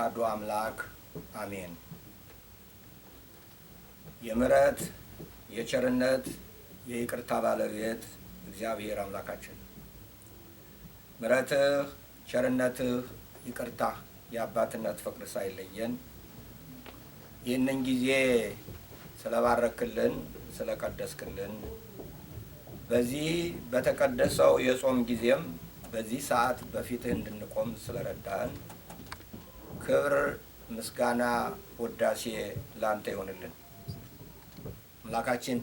አሐዱ አምላክ አሜን። የምሕረት የቸርነት የይቅርታ ባለቤት እግዚአብሔር አምላካችን ምሕረትህ፣ ቸርነትህ፣ ይቅርታ የአባትነት ፍቅር ሳይለየን ይህንን ጊዜ ስለባረክልን ስለቀደስክልን በዚህ በተቀደሰው የጾም ጊዜም በዚህ ሰዓት በፊትህ እንድንቆም ስለረዳህን ክብር ምስጋና ውዳሴ ላንተ ይሆንልን። አምላካችን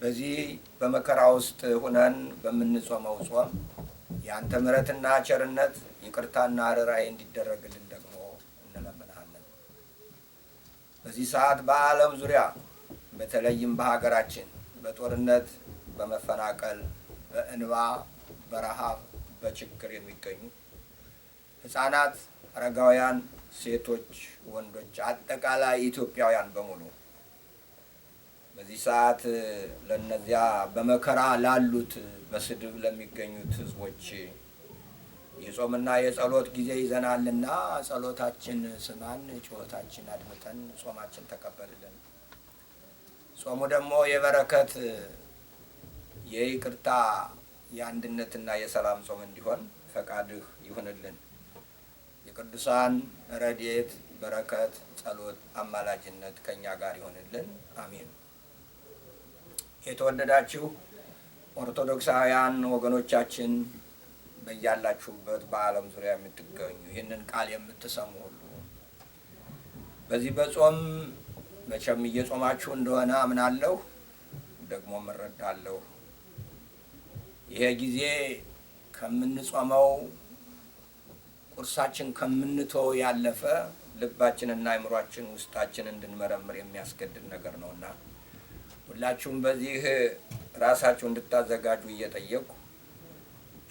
በዚህ በመከራ ውስጥ ሁነን በምንጾመው ጾም የአንተ ምሕረትና ቸርነት ይቅርታና ርኅራኄ እንዲደረግልን ደግሞ እንለምናለን። በዚህ ሰዓት በዓለም ዙሪያ በተለይም በሀገራችን በጦርነት፣ በመፈናቀል፣ በእንባ፣ በረሃብ፣ በችግር የሚገኙ ህፃናት፣ አረጋውያን ሴቶች፣ ወንዶች፣ አጠቃላይ ኢትዮጵያውያን በሙሉ በዚህ ሰዓት ለነዚያ በመከራ ላሉት በስድብ ለሚገኙት ህዝቦች የጾምና የጸሎት ጊዜ ይዘናልና ጸሎታችን ስማን፣ ጩኸታችን አድምጠን፣ ጾማችን ተቀበልልን። ጾሙ ደግሞ የበረከት የይቅርታ፣ የአንድነትና የሰላም ጾም እንዲሆን ፈቃድህ ይሁንልን። የቅዱሳን ረድኤት በረከት፣ ጸሎት፣ አማላጅነት ከእኛ ጋር ይሆንልን፣ አሜን። የተወደዳችሁ ኦርቶዶክሳውያን ወገኖቻችን በያላችሁበት በዓለም ዙሪያ የምትገኙ ይህንን ቃል የምትሰሙ ሁሉ በዚህ በጾም መቼም እየጾማችሁ እንደሆነ አምናለሁ፣ ደግሞ እረዳለሁ። ይሄ ጊዜ ከምንጾመው ቁርሳችን ከምንቶ ያለፈ ልባችንና አይምሯችን ውስጣችን እንድንመረምር የሚያስገድድ ነገር እና ሁላችሁም በዚህ ራሳችሁ እንድታዘጋጁ እየጠየቁ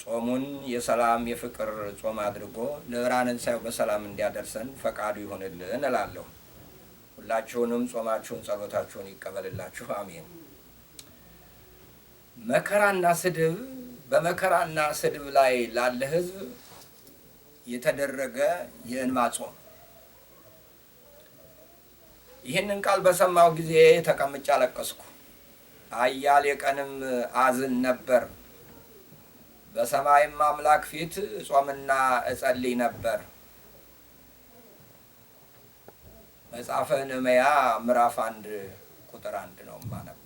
ጾሙን የሰላም የፍቅር ጾም አድርጎ ለብርሃንን ሳይው በሰላም እንዲያደርሰን ፈቃዱ ይሆንልን እላለሁ። ሁላችሁንም ጾማችሁን ጸሎታችሁን ይቀበልላችሁ፣ አሜን። መከራና ስድብ በመከራና ስድብ ላይ ላለ ህዝብ የተደረገ የእንባ ጾም። ይህንን ቃል በሰማሁ ጊዜ ተቀምጬ አለቀስኩ። አያሌ ቀንም አዝን ነበር። በሰማይም አምላክ ፊት ጾምና እጸልይ ነበር። መጽሐፈ ነህምያ ምዕራፍ አንድ ቁጥር አንድ ነው ማነበ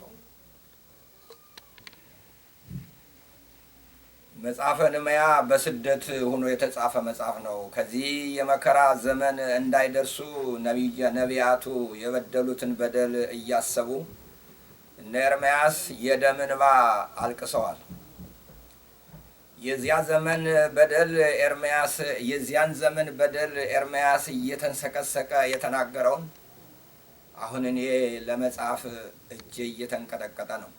መጽሐፈ ነህምያ በስደት ሆኖ የተጻፈ መጽሐፍ ነው። ከዚህ የመከራ ዘመን እንዳይደርሱ ነቢያቱ የበደሉትን በደል እያሰቡ እነ ኤርምያስ የደም እንባ አልቅሰዋል። የዚያ ዘመን በደል ኤርምያስ የዚያን ዘመን በደል ኤርምያስ እየተንሰቀሰቀ የተናገረውን አሁን እኔ ለመጽሐፍ እጄ እየተንቀጠቀጠ ነው።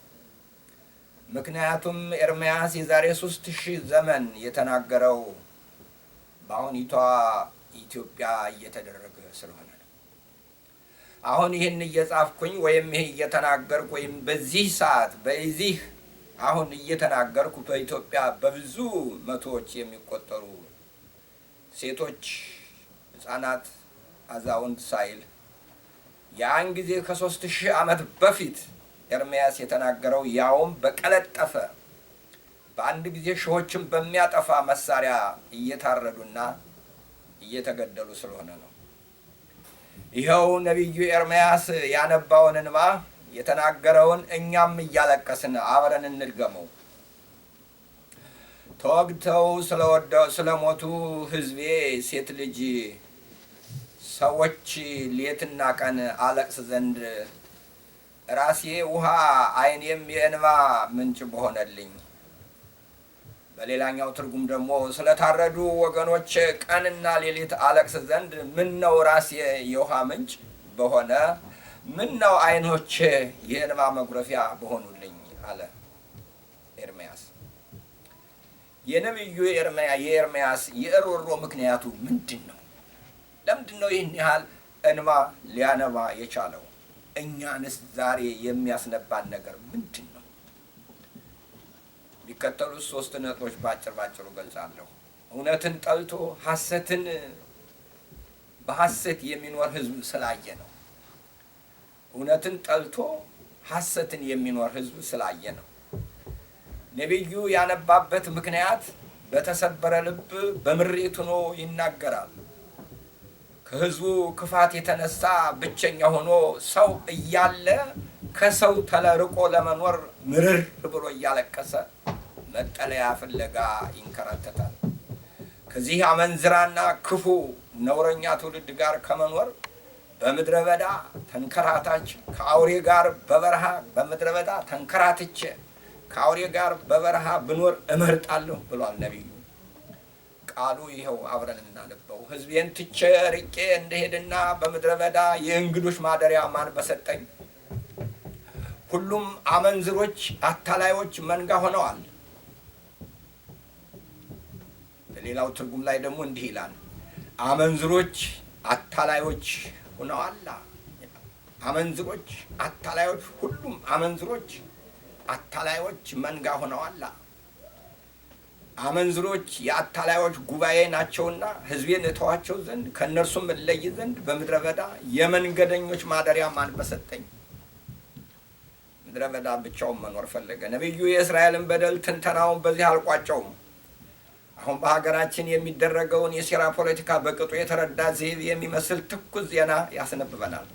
ምክንያቱም ኤርምያስ የዛሬ ሶስት ሺህ ዘመን የተናገረው በአሁኒቷ ኢትዮጵያ እየተደረገ ስለሆነ ነው። አሁን ይህን እየጻፍኩኝ ወይም ይህ እየተናገርኩ ወይም በዚህ ሰዓት በዚህ አሁን እየተናገርኩ በኢትዮጵያ በብዙ መቶዎች የሚቆጠሩ ሴቶች፣ ህጻናት፣ አዛውንት ሳይል ያን ጊዜ ከሶስት ሺህ ዓመት በፊት ኤርምያስ የተናገረው ያውም በቀለጠፈ በአንድ ጊዜ ሺዎችን በሚያጠፋ መሳሪያ እየታረዱና እየተገደሉ ስለሆነ ነው። ይኸው ነቢዩ ኤርምያስ ያነባውን እንባ የተናገረውን እኛም እያለቀስን አብረን እንድገመው። ተወግተው ስለሞቱ ሕዝቤ ሴት ልጅ ሰዎች ሌትና ቀን አለቅስ ዘንድ ራሴ ውሃ አይኔም የእንባ ምንጭ በሆነልኝ። በሌላኛው ትርጉም ደግሞ ስለታረዱ ወገኖች ቀንና ሌሊት አለቅስ ዘንድ ምን ነው ራሴ የውሃ ምንጭ በሆነ፣ ምን ነው አይኖች የእንባ መጉረፊያ በሆኑልኝ አለ ኤርምያስ። የነቢዩ የኤርምያስ የእሮሮ ምክንያቱ ምንድን ነው? ለምንድን ነው ይህን ያህል እንባ ሊያነባ የቻለው? እኛንስ ዛሬ የሚያስነባን ነገር ምንድን ነው? የሚከተሉት ሶስት ነጥቦች ባጭር ባጭሩ ገልጻለሁ። እውነትን ጠልቶ ሐሰትን በሐሰት የሚኖር ህዝብ ስላየ ነው። እውነትን ጠልቶ ሐሰትን የሚኖር ህዝብ ስላየ ነው። ነቢዩ ያነባበት ምክንያት በተሰበረ ልብ በምሬት ሆኖ ይናገራል። ከህዝቡ ክፋት የተነሳ ብቸኛ ሆኖ ሰው እያለ ከሰው ተለርቆ ለመኖር ምርር ብሎ እያለቀሰ መጠለያ ፍለጋ ይንከራተታል። ከዚህ አመንዝራና ክፉ ነውረኛ ትውልድ ጋር ከመኖር በምድረ በዳ ተንከራታች ከአውሬ ጋር በበረሃ በምድረ በዳ ተንከራትቼ ከአውሬ ጋር በበረሃ ብኖር እመርጣለሁ ብሏል ነቢዩ። ቃሉ ይኸው አብረን እናነበው። ሕዝቤን ትቼ ርቄ እንደሄድና በምድረ በዳ የእንግዶች ማደሪያ ማን በሰጠኝ። ሁሉም አመንዝሮች፣ አታላዮች መንጋ ሆነዋል። በሌላው ትርጉም ላይ ደግሞ እንዲህ ይላል፣ አመንዝሮች አታላዮች ሆነዋላ። አመንዝሮች አታላዮች፣ ሁሉም አመንዝሮች አታላዮች መንጋ ሆነዋላ። አመንዝሮች የአታላዮች ጉባኤ ናቸውና ህዝቤን እተዋቸው ዘንድ ከእነርሱም እለይ ዘንድ በምድረ በዳ የመንገደኞች ማደሪያ ማን በሰጠኝ። ምድረ በዳ ብቻውን መኖር ፈለገ። ነቢዩ የእስራኤልን በደል ትንተናውን በዚህ አልቋጨውም። አሁን በሀገራችን የሚደረገውን የሴራ ፖለቲካ በቅጡ የተረዳ ዘይቤ የሚመስል ትኩስ ዜና ያስነብበናል።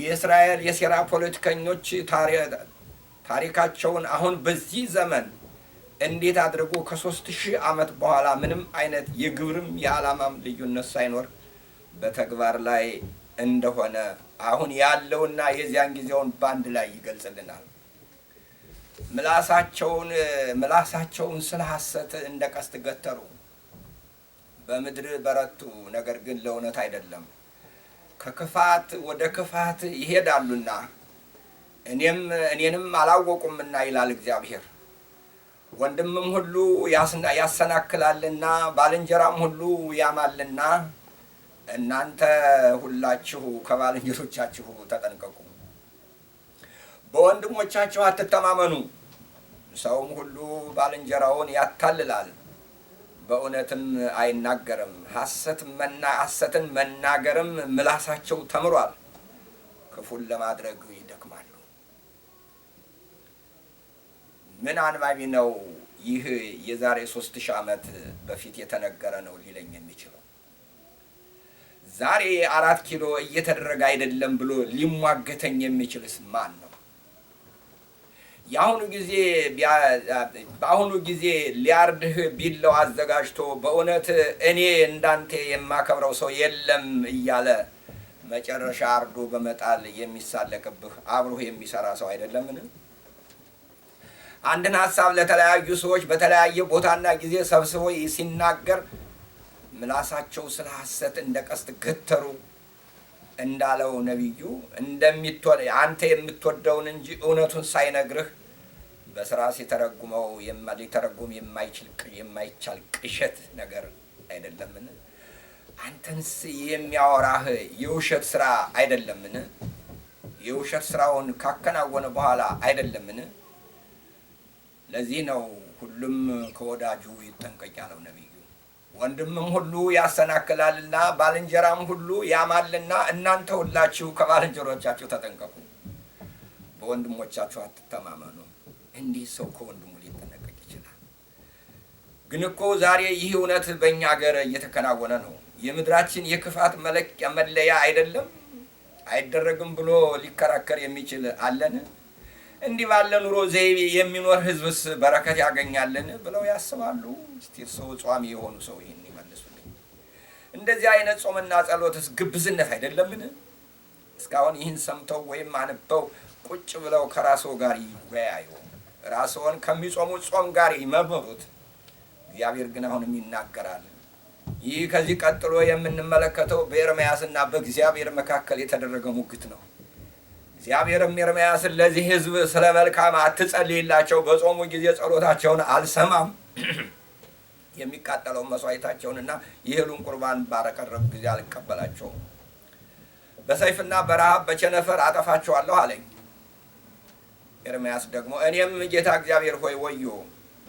የእስራኤል የሴራ ፖለቲከኞች ታሪካቸውን አሁን በዚህ ዘመን እንዴት አድርጎ ከሶስት ሺህ ዓመት በኋላ ምንም አይነት የግብርም የዓላማም ልዩነት ሳይኖር በተግባር ላይ እንደሆነ አሁን ያለውና የዚያን ጊዜውን በአንድ ላይ ይገልጽልናል። ምላሳቸውን ምላሳቸውን ስለ ሐሰት እንደ ቀስት ገተሩ፣ በምድር በረቱ፣ ነገር ግን ለእውነት አይደለም። ከክፋት ወደ ክፋት ይሄዳሉና እኔም እኔንም አላወቁምና ይላል እግዚአብሔር። ወንድምም ሁሉ ያሰናክላልና ባልንጀራም ሁሉ ያማልና እናንተ ሁላችሁ ከባልንጀሮቻችሁ ተጠንቀቁ። በወንድሞቻችሁ አትተማመኑ። ሰውም ሁሉ ባልንጀራውን ያታልላል፣ በእውነትም አይናገርም። ሐሰትን መናገርም ምላሳቸው ተምሯል፣ ክፉን ለማድረግ ምን አንባቢ ነው ይህ የዛሬ ሶስት ሺህ ዓመት በፊት የተነገረ ነው ሊለኝ የሚችለው? ዛሬ አራት ኪሎ እየተደረገ አይደለም ብሎ ሊሟገተኝ የሚችልስ ማን ነው? የአሁኑ ጊዜ በአሁኑ ጊዜ ሊያርድህ ቢለው አዘጋጅቶ በእውነት እኔ እንዳንተ የማከብረው ሰው የለም እያለ መጨረሻ አርዶ በመጣል የሚሳለቅብህ አብሮህ የሚሰራ ሰው አይደለምን? አንድን ሀሳብ ለተለያዩ ሰዎች በተለያየ ቦታና ጊዜ ሰብስቦ ሲናገር ምላሳቸው ስለ ሐሰት እንደ ቀስት ገተሩ እንዳለው ነቢዩ አንተ የምትወደውን እንጂ እውነቱን ሳይነግርህ በስራ ሲተረጉመው ሊተረጉም የማይቻል ቅሸት ነገር አይደለምን? አንተንስ የሚያወራህ የውሸት ስራ አይደለምን? የውሸት ስራውን ካከናወነ በኋላ አይደለምን? ለዚህ ነው ሁሉም ከወዳጁ ይጠንቀቅ ያለው ነቢዩ። ወንድምም ሁሉ ያሰናክላልና ባልንጀራም ሁሉ ያማልና እናንተ ሁላችሁ ከባልንጀሮቻችሁ ተጠንቀቁ፣ በወንድሞቻችሁ አትተማመኑ። እንዲህ ሰው ከወንድሙ ሊጠነቀቅ ይችላል። ግን እኮ ዛሬ ይህ እውነት በእኛ ሀገር እየተከናወነ ነው። የምድራችን የክፋት መለኪያ መለያ አይደለም አይደረግም ብሎ ሊከራከር የሚችል አለን? እንዲህ ባለ ኑሮ ዘይቤ የሚኖር ህዝብስ በረከት ያገኛልን ብለው ያስባሉ። እስቲ ሰው ጿሚ የሆኑ ሰው ይህን ይመልሱልኝ። እንደዚህ አይነት ጾምና ጸሎትስ ግብዝነት አይደለምን? እስካሁን ይህን ሰምተው ወይም አንበው ቁጭ ብለው ከራስዎ ጋር ይወያዩ። ራስዎን ከሚጾሙት ጾም ጋር ይመምሩት። እግዚአብሔር ግን አሁንም ይናገራል። ይህ ከዚህ ቀጥሎ የምንመለከተው በኤርምያስና በእግዚአብሔር መካከል የተደረገ ሙግት ነው። እግዚአብሔርም ኤርምያስን ለዚህ ህዝብ ስለ መልካም አትጸልይላቸው፣ በጾሙ ጊዜ ጸሎታቸውን አልሰማም የሚቃጠለውን መስዋዕታቸውንና የእህሉን ቁርባን ባረቀረቡ ጊዜ አልቀበላቸውም፣ በሰይፍና በረሃብ በቸነፈር አጠፋቸዋለሁ አለኝ። ኤርምያስ ደግሞ እኔም ጌታ እግዚአብሔር ሆይ ወዮ፣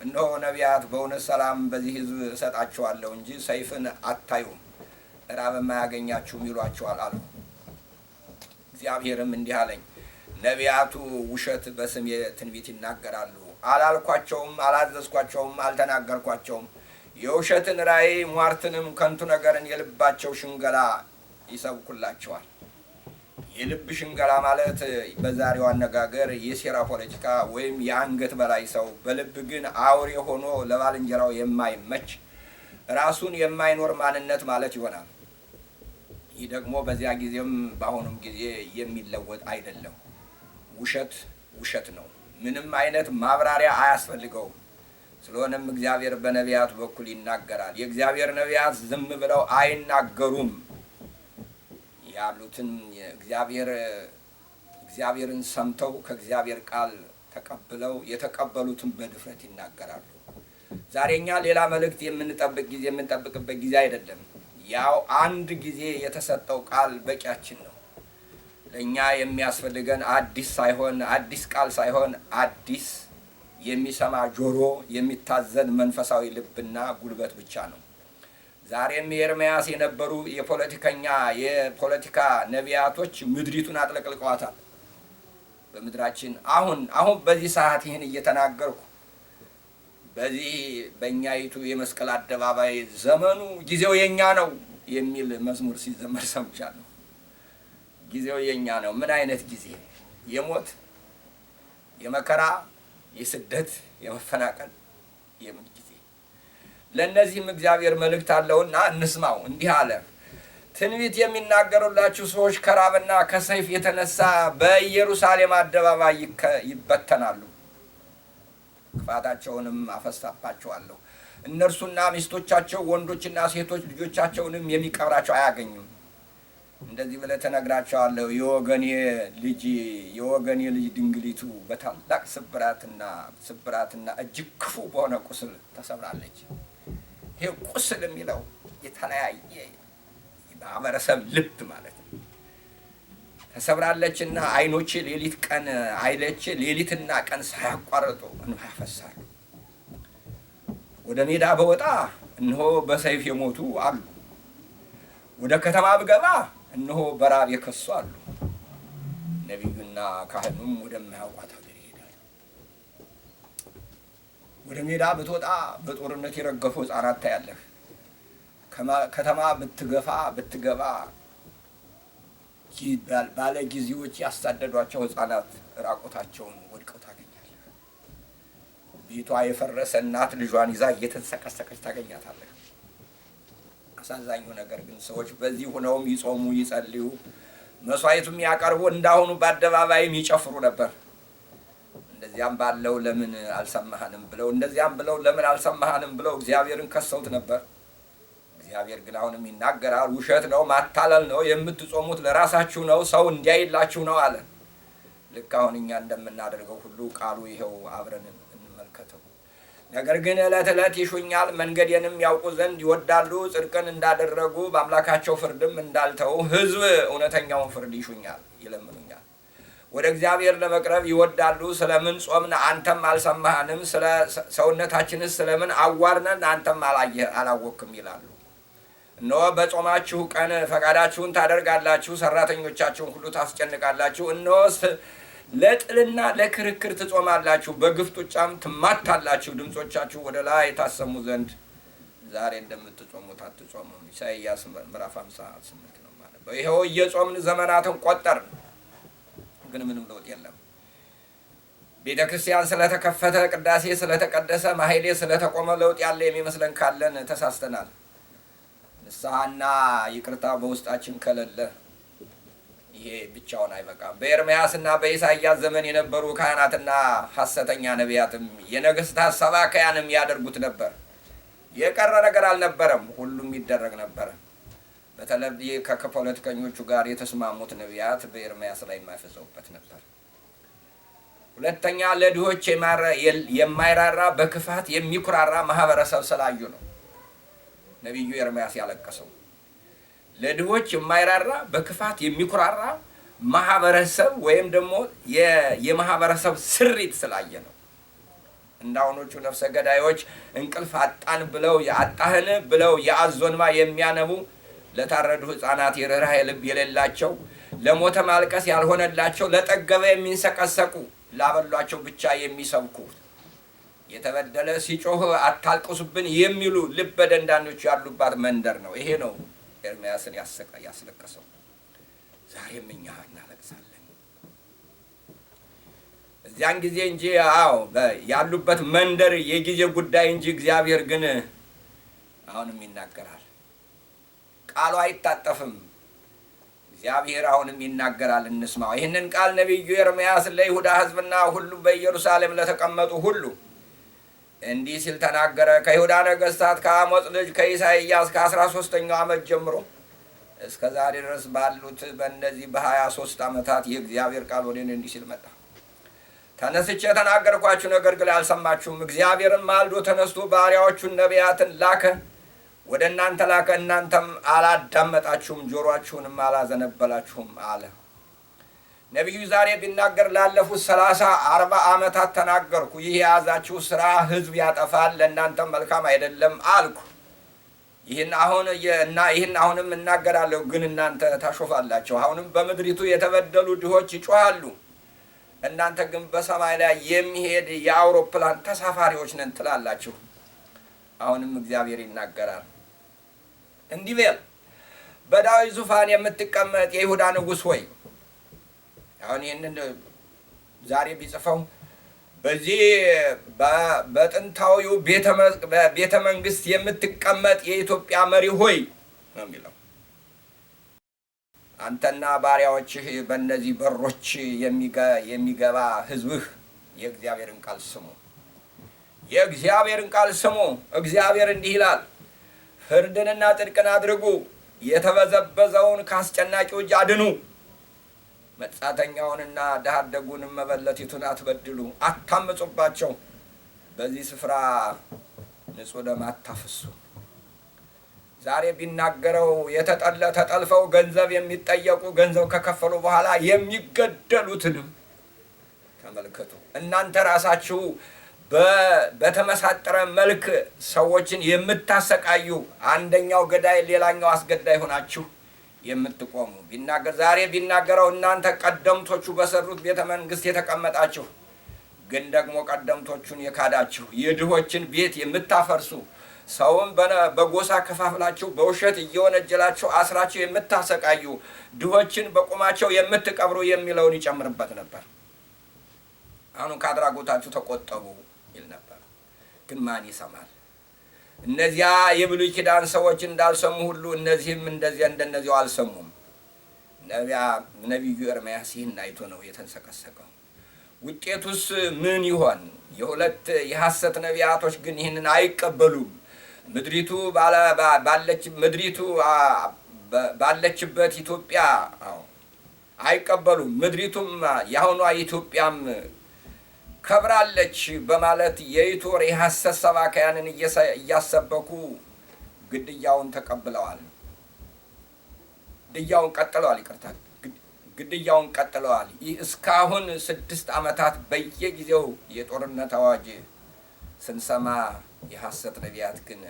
እነሆ ነቢያት በእውነት ሰላም በዚህ ህዝብ እሰጣቸዋለሁ እንጂ ሰይፍን አታዩም፣ ራብም አያገኛችሁም ይሏቸዋል አለው። እግዚአብሔርም እንዲህ አለኝ ነቢያቱ ውሸት በስሜ ትንቢት ይናገራሉ። አላልኳቸውም፣ አላዘዝኳቸውም፣ አልተናገርኳቸውም። የውሸትን ራእይ ሟርትንም ከንቱ ነገርን የልባቸው ሽንገላ ይሰብኩላቸዋል። የልብ ሽንገላ ማለት በዛሬው አነጋገር የሴራ ፖለቲካ ወይም የአንገት በላይ ሰው፣ በልብ ግን አውሬ ሆኖ ለባልንጀራው የማይመች ራሱን የማይኖር ማንነት ማለት ይሆናል። ይህ ደግሞ በዚያ ጊዜም በአሁኑም ጊዜ የሚለወጥ አይደለም። ውሸት ውሸት ነው። ምንም አይነት ማብራሪያ አያስፈልገውም። ስለሆነም እግዚአብሔር በነቢያት በኩል ይናገራል። የእግዚአብሔር ነቢያት ዝም ብለው አይናገሩም። ያሉትን እግዚአብሔር እግዚአብሔርን ሰምተው ከእግዚአብሔር ቃል ተቀብለው የተቀበሉትን በድፍረት ይናገራሉ። ዛሬ እኛ ሌላ መልእክት የምንጠብቅ ጊዜ የምንጠብቅበት ጊዜ አይደለም። ያው አንድ ጊዜ የተሰጠው ቃል በቂያችን ነው። ለኛ የሚያስፈልገን አዲስ ሳይሆን አዲስ ቃል ሳይሆን አዲስ የሚሰማ ጆሮ፣ የሚታዘን መንፈሳዊ ልብና ጉልበት ብቻ ነው። ዛሬም የኤርምያስ የነበሩ የፖለቲከኛ የፖለቲካ ነቢያቶች ምድሪቱን አጥለቅልቀዋታል። በምድራችን አሁን አሁን በዚህ ሰዓት ይህን እየተናገርኩ በዚህ በእኛይቱ የመስቀል አደባባይ ዘመኑ ጊዜው የኛ ነው የሚል መዝሙር ሲዘመር ሰምቻለሁ። ጊዜው የኛ ነው። ምን አይነት ጊዜ? የሞት የመከራ የስደት የመፈናቀል የምን ጊዜ? ለእነዚህም እግዚአብሔር መልእክት አለውና እንስማው። እንዲህ አለ ትንቢት የሚናገሩላችሁ ሰዎች ከራብና ከሰይፍ የተነሳ በኢየሩሳሌም አደባባይ ይበተናሉ፣ ክፋታቸውንም አፈሳባቸዋለሁ። እነርሱና ሚስቶቻቸው፣ ወንዶችና ሴቶች ልጆቻቸውንም የሚቀብራቸው አያገኙም። እንደዚህ ብለህ ተነግራቸዋለሁ። የወገኔ ልጅ የወገኔ ልጅ ድንግሊቱ በታላቅ ስብራትና ስብራትና እጅግ ክፉ በሆነ ቁስል ተሰብራለች። ይሄ ቁስል የሚለው የተለያየ ማህበረሰብ ልብ ማለት ነው። ተሰብራለችና አይኖች ሌሊት ቀን አይለች ሌሊትና ቀን ሳያቋርጡ እንባ ያፈሳሉ። ወደ ሜዳ በወጣ እንሆ በሰይፍ የሞቱ አሉ። ወደ ከተማ ብገባ እነሆ በራብ የከሱ አሉ። ነቢዩና ካህኑም ወደማያውቋት ሀገር ይሄዳሉ። ወደ ሜዳ ብትወጣ በጦርነት የረገፉ ሕፃናት ታያለህ። ከተማ ብትገፋ ብትገባ ባለ ጊዜዎች ያሳደዷቸው ህፃናት ራቆታቸውን ወድቀው ታገኛለህ። ቤቷ የፈረሰ እናት ልጇን ይዛ እየተንሰቀሰቀች ታገኛታለህ። አሳዛኙ ነገር ግን ሰዎች በዚህ ሁነውም ይጾሙ፣ ይጸልዩ፣ መስዋዕቱም ያቀርቡ፣ እንዳሁኑ በአደባባይም ይጨፍሩ ነበር። እንደዚያም ባለው ለምን አልሰማህንም ብለው እንደዚያም ብለው ለምን አልሰማህንም ብለው እግዚአብሔርን ከሰውት ነበር። እግዚአብሔር ግን አሁንም ይናገራል። ውሸት ነው፣ ማታለል ነው፣ የምትጾሙት ለራሳችሁ ነው፣ ሰው እንዲያይላችሁ ነው አለ። ልክ አሁን እኛ እንደምናደርገው ሁሉ ቃሉ ይኸው አብረን ነገር ግን ዕለት ዕለት ይሹኛል፣ መንገዴንም ያውቁ ዘንድ ይወዳሉ። ጽድቅን እንዳደረጉ በአምላካቸው ፍርድም እንዳልተው ሕዝብ እውነተኛውን ፍርድ ይሹኛል፣ ይለምኑኛል። ወደ እግዚአብሔር ለመቅረብ ይወዳሉ። ስለምን ጾምን አንተም አልሰማህንም? ስለ ሰውነታችንስ ስለምን አዋርነን አንተም አላወቅም ይላሉ። እነሆ በጾማችሁ ቀን ፈቃዳችሁን ታደርጋላችሁ፣ ሰራተኞቻችሁን ሁሉ ታስጨንቃላችሁ። እነሆ ለጥልና ለክርክር ትጾማላችሁ፣ በግፍ ጡጫም ትማታላችሁ። ድምፆቻችሁ ወደ ላይ ታሰሙ ዘንድ ዛሬ እንደምትጾሙት አትጾሙ። ኢሳይያስ ምዕራፍ ስምንት ነው ማለት ነው። ይኸው እየጾምን ዘመናትን ቆጠር፣ ግን ምንም ለውጥ የለም። ቤተ ክርስቲያን ስለተከፈተ፣ ቅዳሴ ስለተቀደሰ፣ ማህሌ ስለተቆመ ለውጥ ያለ የሚመስለን ካለን ተሳስተናል። ንስሐና ይቅርታ በውስጣችን ከሌለ ይሄ ብቻውን አይበቃም። በኤርምያስና በኢሳያስ ዘመን የነበሩ ካህናትና ሐሰተኛ ነቢያትም የነገስታት ሰባካያንም ያደርጉት ነበር። የቀረ ነገር አልነበረም፣ ሁሉም ይደረግ ነበር። በተለይ ከፖለቲከኞቹ ጋር የተስማሙት ነቢያት በኤርምያስ ላይ የማይፈጸሙበት ነበር። ሁለተኛ ለድሆች የማይራራ በክፋት የሚኩራራ ማህበረሰብ ስላዩ ነው ነቢዩ ኤርምያስ ያለቀሰው። ለድሆች የማይራራ በክፋት የሚኩራራ ማህበረሰብ ወይም ደግሞ የማህበረሰብ ስሪት ስላየ ነው። እንዳሁኖቹ ነፍሰ ገዳዮች እንቅልፍ አጣን ብለው አጣህን ብለው የአዞንማ የሚያነቡ ለታረዱ ህፃናት የርኅራኄ ልብ የሌላቸው ለሞተ ማልቀስ ያልሆነላቸው ለጠገበ የሚንሰቀሰቁ ላበሏቸው ብቻ የሚሰብኩ የተበደለ ሲጮህ አታልቅሱብን የሚሉ ልበ ደንዳኖች ያሉባት መንደር ነው። ይሄ ነው ኤርምያስን ያስለቀሰው። ዛሬም እኛ እናለቅሳለን። እዚያን ጊዜ እንጂ አዎ ያሉበት መንደር የጊዜ ጉዳይ እንጂ እግዚአብሔር ግን አሁንም ይናገራል። ቃሉ አይታጠፍም። እግዚአብሔር አሁንም ይናገራል፣ እንስማው። ይህንን ቃል ነቢዩ ኤርምያስ ለይሁዳ ሕዝብና ሁሉ በኢየሩሳሌም ለተቀመጡ ሁሉ እንዲህ ሲል ተናገረ። ከይሁዳ ነገስታት ከአሞጽ ልጅ ከኢሳይያስ ከአስራ ሶስተኛው ዓመት ጀምሮ እስከ ዛሬ ድረስ ባሉት በእነዚህ በሀያ ሶስት ዓመታት የእግዚአብሔር ቃል ወደ እኔ እንዲህ ሲል መጣ። ተነስቼ የተናገርኳችሁ ነገር ግን አልሰማችሁም። እግዚአብሔርን ማልዶ ተነስቶ ባሪያዎቹን ነቢያትን ላከ፣ ወደ እናንተ ላከ፣ እናንተም አላዳመጣችሁም፣ ጆሯችሁንም አላዘነበላችሁም አለ። ነቢዩ ዛሬ ቢናገር ላለፉት ሰላሳ አርባ ዓመታት ተናገርኩ። ይህ የያዛችሁ ስራ ህዝብ ያጠፋል፣ ለእናንተም መልካም አይደለም አልኩ። ይህን አሁን እና ይህን አሁንም እናገራለሁ፣ ግን እናንተ ታሾፋላችሁ። አሁንም በምድሪቱ የተበደሉ ድሆች ይጮሃሉ፣ እናንተ ግን በሰማይ ላይ የሚሄድ የአውሮፕላን ተሳፋሪዎች ነን ትላላችሁ። አሁንም እግዚአብሔር ይናገራል እንዲህ በል፣ በዳዊት ዙፋን የምትቀመጥ የይሁዳ ንጉሥ ሆይ አሁን ይህንን ዛሬ ቢጽፈው በዚህ በጥንታዊው ቤተ መንግስት የምትቀመጥ የኢትዮጵያ መሪ ሆይ ነው የሚለው። አንተና ባሪያዎችህ በእነዚህ በሮች የሚገባ ህዝብህ የእግዚአብሔርን ቃል ስሙ፣ የእግዚአብሔርን ቃል ስሙ። እግዚአብሔር እንዲህ ይላል፣ ፍርድንና ጽድቅን አድርጉ፣ የተበዘበዘውን ከአስጨናቂው እጅ አድኑ። መጻተኛውንና ድሀ አደጉንም መበለቲቱን አትበድሉ፣ አታምፁባቸው። በዚህ ስፍራ ንጹህ ደም አታፍሱ። ዛሬ ቢናገረው የተጠለ ተጠልፈው ገንዘብ የሚጠየቁ ገንዘብ ከከፈሉ በኋላ የሚገደሉትንም ተመልከቱ። እናንተ ራሳችሁ በተመሳጠረ መልክ ሰዎችን የምታሰቃዩ አንደኛው ገዳይ ሌላኛው አስገዳይ ሆናችሁ የምትቆሙ ቢናገር ዛሬ ቢናገረው እናንተ ቀደምቶቹ በሰሩት ቤተ መንግስት የተቀመጣችሁ ግን ደግሞ ቀደምቶቹን የካዳችሁ የድሆችን ቤት የምታፈርሱ ሰውን በጎሳ ከፋፍላችሁ በውሸት እየወነጀላችሁ አስራችሁ የምታሰቃዩ ድሆችን በቁማቸው የምትቀብሩ የሚለውን ይጨምርበት ነበር። አሁኑ ከአድራጎታችሁ ተቆጠቡ ይል ነበር። ግን ማን ይሰማል? እነዚያ የብሉይ ኪዳን ሰዎች እንዳልሰሙ ሁሉ እነዚህም እንደዚያ እንደነዚያው አልሰሙም። ነቢያ ነቢዩ ኤርምያስ ይህን አይቶ ነው የተንሰቀሰቀው። ውጤቱስ ምን ይሆን? የሁለት የሐሰት ነቢያቶች ግን ይህንን አይቀበሉም። ምድሪቱ ምድሪቱ ባለችበት ኢትዮጵያ አይቀበሉም። ምድሪቱም የአሁኗ ኢትዮጵያም ከብራለች በማለት የይቶር የሐሰት ሰባካያንን እያሰበኩ ግድያውን ተቀብለዋል። ግድያውን ቀጥለዋል። ይቅርታ ግድያውን ቀጥለዋል። እስካሁን ስድስት ዓመታት በየጊዜው የጦርነት አዋጅ ስንሰማ የሐሰት ነቢያት ግን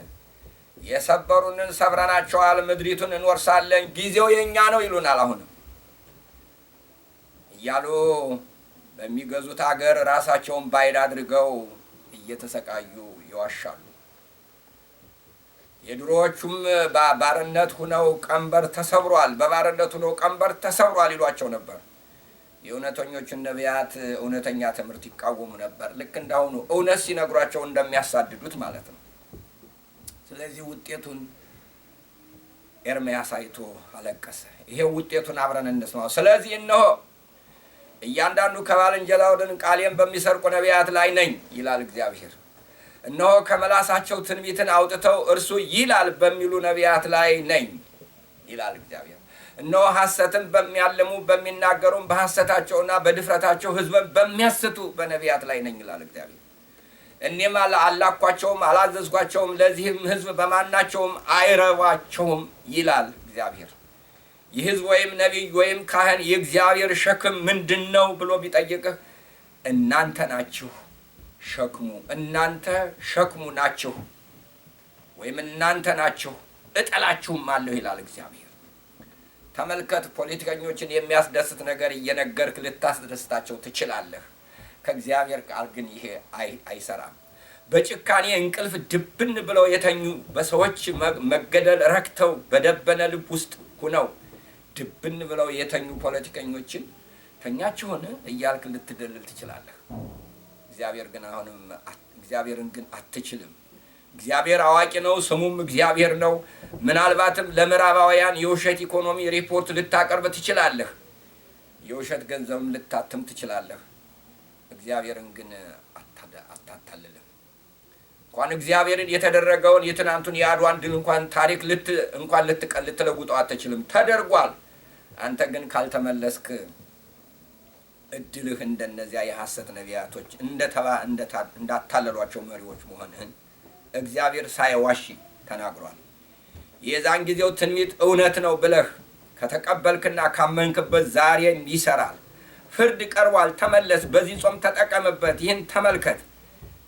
የሰበሩንን ሰብረናቸዋል፣ ምድሪቱን እንወርሳለን፣ ጊዜው የእኛ ነው ይሉናል አሁንም እያሉ በሚገዙት አገር ራሳቸውን ባዕድ አድርገው እየተሰቃዩ ይዋሻሉ። የድሮዎቹም ባርነት ሁነው ቀንበር ተሰብሯል፣ በባርነት ሁነው ቀንበር ተሰብሯል ይሏቸው ነበር። የእውነተኞችን ነቢያት እውነተኛ ትምህርት ይቃወሙ ነበር። ልክ እንዳሁኑ እውነት ሲነግሯቸው እንደሚያሳድዱት ማለት ነው። ስለዚህ ውጤቱን ኤርምያስ አይቶ አለቀሰ። ይሄ ውጤቱን አብረን እንስማው። ስለዚህ እነሆ እያንዳንዱ ከባልንጀላው ወገን ቃሌን በሚሰርቁ ነቢያት ላይ ነኝ ይላል እግዚአብሔር። እነሆ ከመላሳቸው ትንቢትን አውጥተው እርሱ ይላል በሚሉ ነቢያት ላይ ነኝ ይላል እግዚአብሔር። እነሆ ሐሰትን በሚያልሙ በሚናገሩም በሐሰታቸውና በድፍረታቸው ሕዝብን በሚያስቱ በነቢያት ላይ ነኝ ይላል እግዚአብሔር። እኔም አላኳቸውም፣ አላዘዝኳቸውም፣ ለዚህም ሕዝብ በማናቸውም አይረባቸውም ይላል እግዚአብሔር። የህዝብ ወይም ነቢይ ወይም ካህን የእግዚአብሔር ሸክም ምንድን ነው ብሎ ቢጠይቅህ እናንተ ናችሁ ሸክሙ፣ እናንተ ሸክሙ ናችሁ ወይም እናንተ ናችሁ እጠላችሁም አለሁ ይላል እግዚአብሔር። ተመልከት፣ ፖለቲከኞችን የሚያስደስት ነገር እየነገርክ ልታስደስታቸው ትችላለህ። ከእግዚአብሔር ቃል ግን ይሄ አይሰራም። በጭካኔ እንቅልፍ ድብን ብለው የተኙ በሰዎች መገደል ረክተው በደበነ ልብ ውስጥ ሁነው ድብን ብለው የተኙ ፖለቲከኞችን ተኛችሁን እያልክ ልትደልል ትችላለህ። እግዚአብሔር ግን አሁንም እግዚአብሔርን ግን አትችልም። እግዚአብሔር አዋቂ ነው፣ ስሙም እግዚአብሔር ነው። ምናልባትም ለምዕራባውያን የውሸት ኢኮኖሚ ሪፖርት ልታቀርብ ትችላለህ፣ የውሸት ገንዘብም ልታትም ትችላለህ። እግዚአብሔርን ግን አታታልልም። እንኳን እግዚአብሔርን የተደረገውን የትናንቱን የአድዋን ድል እንኳን ታሪክ እንኳን ልትለውጠው አትችልም። ተደርጓል። አንተ ግን ካልተመለስክ እድልህ እንደነዚያ የሐሰት ነቢያቶች እንዳታለሏቸው መሪዎች መሆንህን እግዚአብሔር ሳይዋሽ ተናግሯል። የዛን ጊዜው ትንቢት እውነት ነው ብለህ ከተቀበልክና ካመንክበት ዛሬም ይሰራል። ፍርድ ቀርቧል፣ ተመለስ። በዚህ ጾም ተጠቀምበት። ይህን ተመልከት።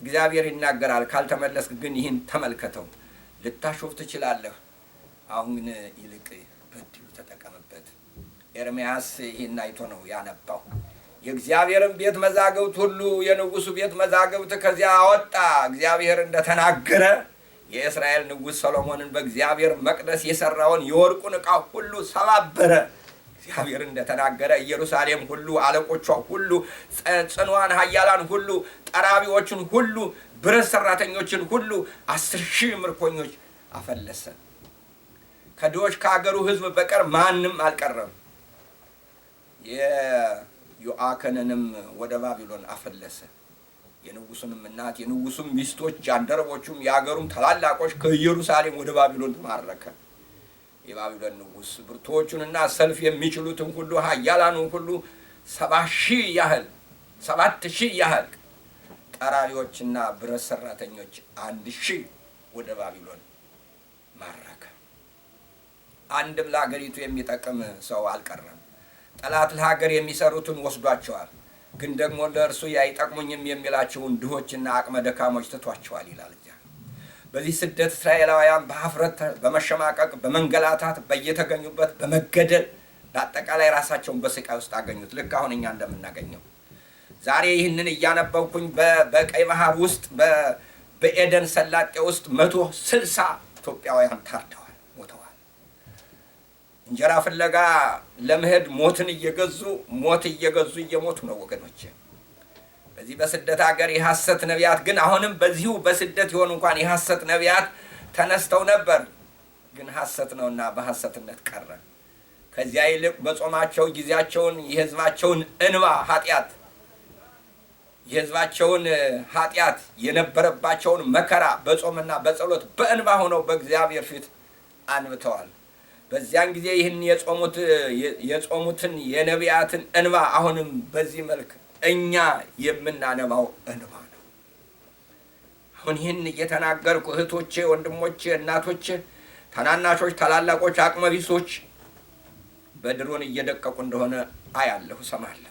እግዚአብሔር ይናገራል። ካልተመለስክ ግን ይህን ተመልከተው። ልታሾፍ ትችላለህ። አሁን ግን ይልቅ በድሉ ተጠቀም። ኤርምያስ ይህን አይቶ ነው ያነባው። የእግዚአብሔርን ቤት መዛግብት ሁሉ የንጉሱ ቤት መዛግብት ከዚያ አወጣ። እግዚአብሔር እንደተናገረ የእስራኤል ንጉሥ ሰሎሞንን በእግዚአብሔር መቅደስ የሰራውን የወርቁን ዕቃ ሁሉ ሰባበረ። እግዚአብሔር እንደተናገረ ኢየሩሳሌም ሁሉ አለቆቿ ሁሉ ጽንዋን ኃያላን ሁሉ ጠራቢዎችን ሁሉ ብረት ሰራተኞችን ሁሉ አስር ሺህ ምርኮኞች አፈለሰ። ከድሆች ከአገሩ ሕዝብ በቀር ማንም አልቀረም። የዮአከንንም ወደ ባቢሎን አፈለሰ። የንጉሱንም እናት የንጉሱም ሚስቶች፣ ጃንደረቦቹም፣ የአገሩም ታላላቆች ከኢየሩሳሌም ወደ ባቢሎን ተማረከ። የባቢሎን ንጉሥ ብርቶቹንና ሰልፍ የሚችሉትን ሁሉ ኃያላኑን ሁሉ ሰባ ሺህ ያህል ሰባት ሺህ ያህል ጠራቢዎችና ብረት ሰራተኞች አንድ ሺህ ወደ ባቢሎን ማረከ። አንድም ለአገሪቱ የሚጠቅም ሰው አልቀረም። ጠላት ለሀገር የሚሰሩትን ወስዷቸዋል፣ ግን ደግሞ ለእርሱ አይጠቅሙኝም የሚላቸውን ድሆችና አቅመ ደካሞች ትቷቸዋል ይላል። በዚህ ስደት እስራኤላውያን በሀፍረት በመሸማቀቅ በመንገላታት በየተገኙበት በመገደል በአጠቃላይ ራሳቸውን በስቃይ ውስጥ አገኙት። ልክ አሁን እኛ እንደምናገኘው ዛሬ ይህንን እያነበብኩኝ በቀይ ባህር ውስጥ በኤደን ሰላጤ ውስጥ መቶ ስልሳ ኢትዮጵያውያን ታርደዋል። እንጀራ ፍለጋ ለመሄድ ሞትን እየገዙ ሞት እየገዙ እየሞቱ ነው ወገኖች። በዚህ በስደት ሀገር የሐሰት ነቢያት ግን አሁንም በዚሁ በስደት የሆኑ እንኳን የሐሰት ነቢያት ተነስተው ነበር፣ ግን ሐሰት ነውና በሐሰትነት ቀረ። ከዚያ ይልቅ በጾማቸው ጊዜያቸውን የህዝባቸውን እንባ ኃጢአት የህዝባቸውን ኃጢአት የነበረባቸውን መከራ በጾምና በጸሎት በእንባ ሆነው በእግዚአብሔር ፊት አንብተዋል። በዚያን ጊዜ ይህን የጾሙትን የነቢያትን እንባ አሁንም በዚህ መልክ እኛ የምናነባው እንባ ነው። አሁን ይህን እየተናገርኩ እህቶቼ፣ ወንድሞቼ፣ እናቶቼ፣ ታናናሾች፣ ታላላቆች፣ አቅመቢሶች በድሮን እየደቀቁ እንደሆነ አያለሁ፣ ሰማለሁ።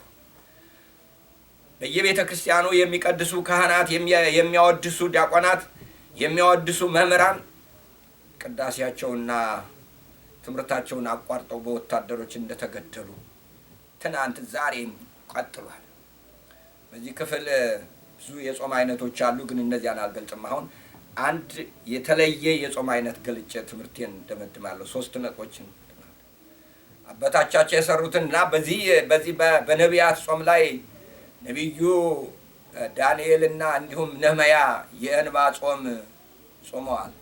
በየቤተ ክርስቲያኑ የሚቀድሱ ካህናት፣ የሚያወድሱ ዲያቆናት፣ የሚያወድሱ መምህራን ቅዳሴያቸውና ትምህርታቸውን አቋርጠው በወታደሮች እንደተገደሉ ትናንት ዛሬም ቀጥሏል። በዚህ ክፍል ብዙ የጾም አይነቶች አሉ፣ ግን እነዚያን አልገልጽም። አሁን አንድ የተለየ የጾም አይነት ገልጬ ትምህርቴን እንደመድማለሁ። ሶስት ነጥቦችን አባቶቻቸው የሰሩትንና በዚህ በዚህ በነቢያት ጾም ላይ ነቢዩ ዳንኤልና እንዲሁም ነህምያ የእንባ ጾም ጾመዋል።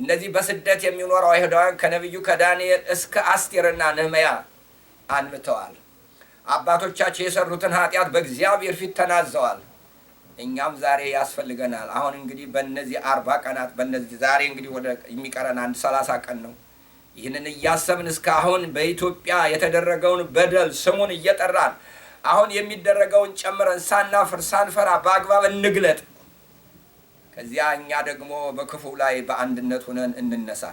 እነዚህ በስደት የሚኖሩ አይሁዳውያን ከነቢዩ ከዳንኤል እስከ አስቴርና ነህምያ አንብተዋል። አባቶቻቸው የሰሩትን ኃጢአት በእግዚአብሔር ፊት ተናዘዋል። እኛም ዛሬ ያስፈልገናል። አሁን እንግዲህ በእነዚህ አርባ ቀናት በነዚህ ዛሬ እንግዲህ ወደ የሚቀረን አንድ ሰላሳ ቀን ነው። ይህንን እያሰብን እስካሁን በኢትዮጵያ የተደረገውን በደል ስሙን እየጠራን አሁን የሚደረገውን ጨምረን ሳናፍር ሳንፈራ በአግባብ እንግለጥ። ከዚያ እኛ ደግሞ በክፉ ላይ በአንድነት ሆነን እንነሳ።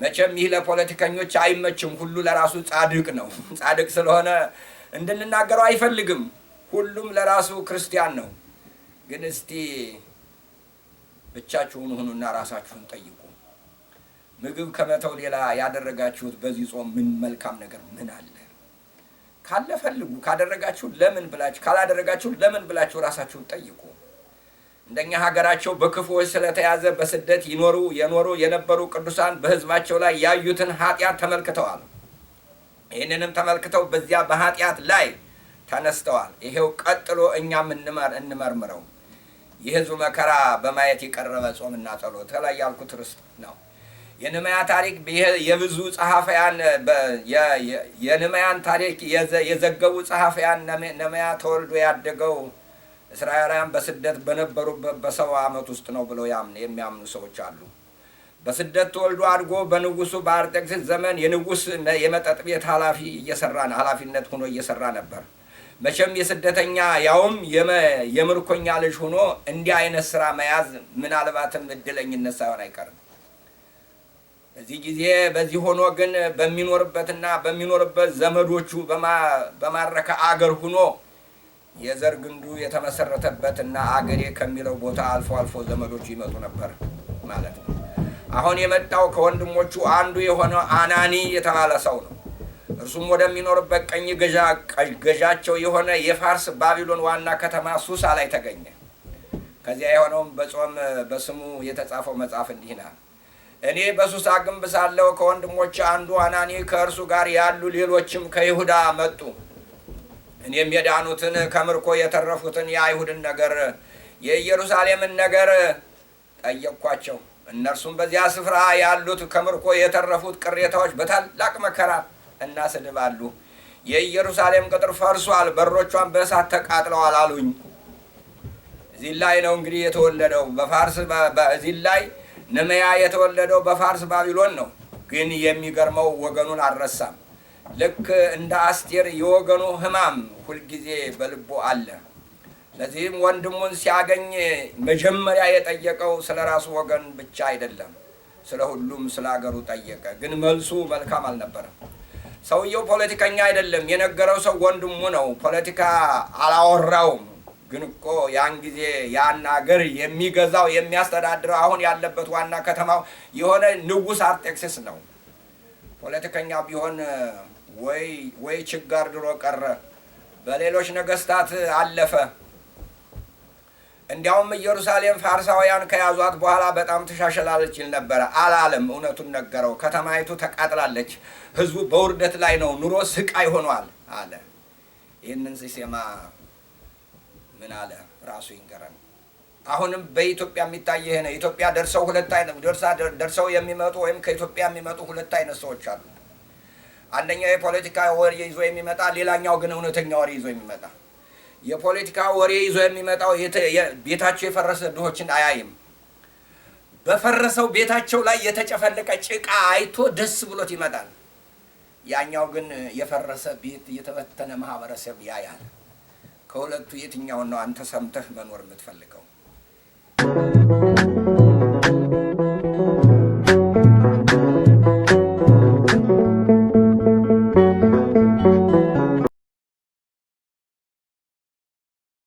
መቼም ይህ ለፖለቲከኞች አይመችም። ሁሉ ለራሱ ጻድቅ ነው። ጻድቅ ስለሆነ እንድንናገረው አይፈልግም። ሁሉም ለራሱ ክርስቲያን ነው። ግን እስቲ ብቻችሁን ሁኑና ራሳችሁን ጠይቁ። ምግብ ከመተው ሌላ ያደረጋችሁት በዚህ ጾም ምን መልካም ነገር ምን አለ? ካለ ፈልጉ። ካደረጋችሁ ለምን ብላችሁ ካላደረጋችሁ ለምን ብላችሁ ራሳችሁን ጠይቁ። እንደኛ ሀገራቸው በክፉዎች ስለተያዘ በስደት ይኖሩ የኖሩ የነበሩ ቅዱሳን በህዝባቸው ላይ ያዩትን ኃጢአት ተመልክተዋል። ይህንንም ተመልክተው በዚያ በኃጢአት ላይ ተነስተዋል። ይሄው ቀጥሎ እኛም እንመርምረው። የህዝቡ መከራ በማየት የቀረበ ጾምና ጸሎት ላይ ያልኩት ርስት ነው። የንመያ ታሪክ የብዙ ጸሐፊያን የንመያን ታሪክ የዘገቡ ጸሐፊያን ነመያ ተወልዶ ያደገው እስራኤላውያን በስደት በነበሩበት በሰው ዓመት ውስጥ ነው ብለው የሚያምኑ ሰዎች አሉ። በስደት ተወልዶ አድጎ በንጉሱ በአርጤክስስ ዘመን የንጉስ የመጠጥ ቤት ኃላፊ እየሰራ ኃላፊነት ሆኖ እየሰራ ነበር። መቼም የስደተኛ ያውም የምርኮኛ ልጅ ሆኖ እንዲህ አይነት ስራ መያዝ ምናልባትም እድለኝነት ሳይሆን አይቀርም። በዚህ ጊዜ በዚህ ሆኖ ግን በሚኖርበትና በሚኖርበት ዘመዶቹ በማረከ አገር ሆኖ የዘር ግንዱ የተመሰረተበት እና አገሬ ከሚለው ቦታ አልፎ አልፎ ዘመዶቹ ይመጡ ነበር ማለት ነው። አሁን የመጣው ከወንድሞቹ አንዱ የሆነ አናኒ የተባለ ሰው ነው። እርሱም ወደሚኖርበት ቀኝ ገዣቸው የሆነ የፋርስ ባቢሎን ዋና ከተማ ሱሳ ላይ ተገኘ። ከዚያ የሆነውም በጾም በስሙ የተጻፈው መጽሐፍ እንዲህ ናል። እኔ በሱሳ ግንብ ሳለሁ ከወንድሞች አንዱ አናኒ ከእርሱ ጋር ያሉ ሌሎችም ከይሁዳ መጡ። እኔም የዳኑትን ከምርኮ የተረፉትን የአይሁድን ነገር የኢየሩሳሌምን ነገር ጠየቅኳቸው። እነርሱም በዚያ ስፍራ ያሉት ከምርኮ የተረፉት ቅሬታዎች በታላቅ መከራ እና ስድብ አሉ። የኢየሩሳሌም ቅጥር ፈርሷል፣ በሮቿን በእሳት ተቃጥለዋል አሉኝ። እዚህ ላይ ነው እንግዲህ የተወለደው በፋርስ እዚህ ላይ ነመያ የተወለደው በፋርስ ባቢሎን ነው። ግን የሚገርመው ወገኑን አልረሳም። ልክ እንደ አስቴር የወገኑ ህማም ሁልጊዜ በልቡ አለ። ለዚህም ወንድሙን ሲያገኝ መጀመሪያ የጠየቀው ስለ ራሱ ወገን ብቻ አይደለም፣ ስለ ሁሉም ስለ አገሩ ጠየቀ። ግን መልሱ መልካም አልነበረም። ሰውየው ፖለቲከኛ አይደለም፣ የነገረው ሰው ወንድሙ ነው። ፖለቲካ አላወራውም። ግን እኮ ያን ጊዜ ያን አገር የሚገዛው የሚያስተዳድረው አሁን ያለበት ዋና ከተማው የሆነ ንጉሥ አርጤክስስ ነው። ፖለቲከኛ ቢሆን ወይ ወይ ችጋር ድሮ ቀረ፣ በሌሎች ነገስታት አለፈ። እንዲያውም ኢየሩሳሌም ፋርሳውያን ከያዟት በኋላ በጣም ተሻሽላለች ይል ነበረ። አላለም፣ እውነቱን ነገረው። ከተማይቱ ተቃጥላለች፣ ህዝቡ በውርደት ላይ ነው፣ ኑሮ ስቃይ ሆኗል አለ። ይህንን ሲሴማ ምን አለ? ራሱ ይንገረን። አሁንም በኢትዮጵያ የሚታይ ነው። ኢትዮጵያ ደርሰው ሁለት አይነት ደርሰው የሚመጡ ወይም ከኢትዮጵያ የሚመጡ ሁለት አይነት ሰዎች አሉ። አንደኛው የፖለቲካ ወሬ ይዞ የሚመጣ ሌላኛው ግን እውነተኛ ወሬ ይዞ የሚመጣ የፖለቲካ ወሬ ይዞ የሚመጣው ቤታቸው የፈረሰ ድሆችን አያይም። በፈረሰው ቤታቸው ላይ የተጨፈለቀ ጭቃ አይቶ ደስ ብሎት ይመጣል። ያኛው ግን የፈረሰ ቤት፣ የተበተነ ማህበረሰብ ያያል። ከሁለቱ የትኛውን ነው አንተ ሰምተህ መኖር የምትፈልገው?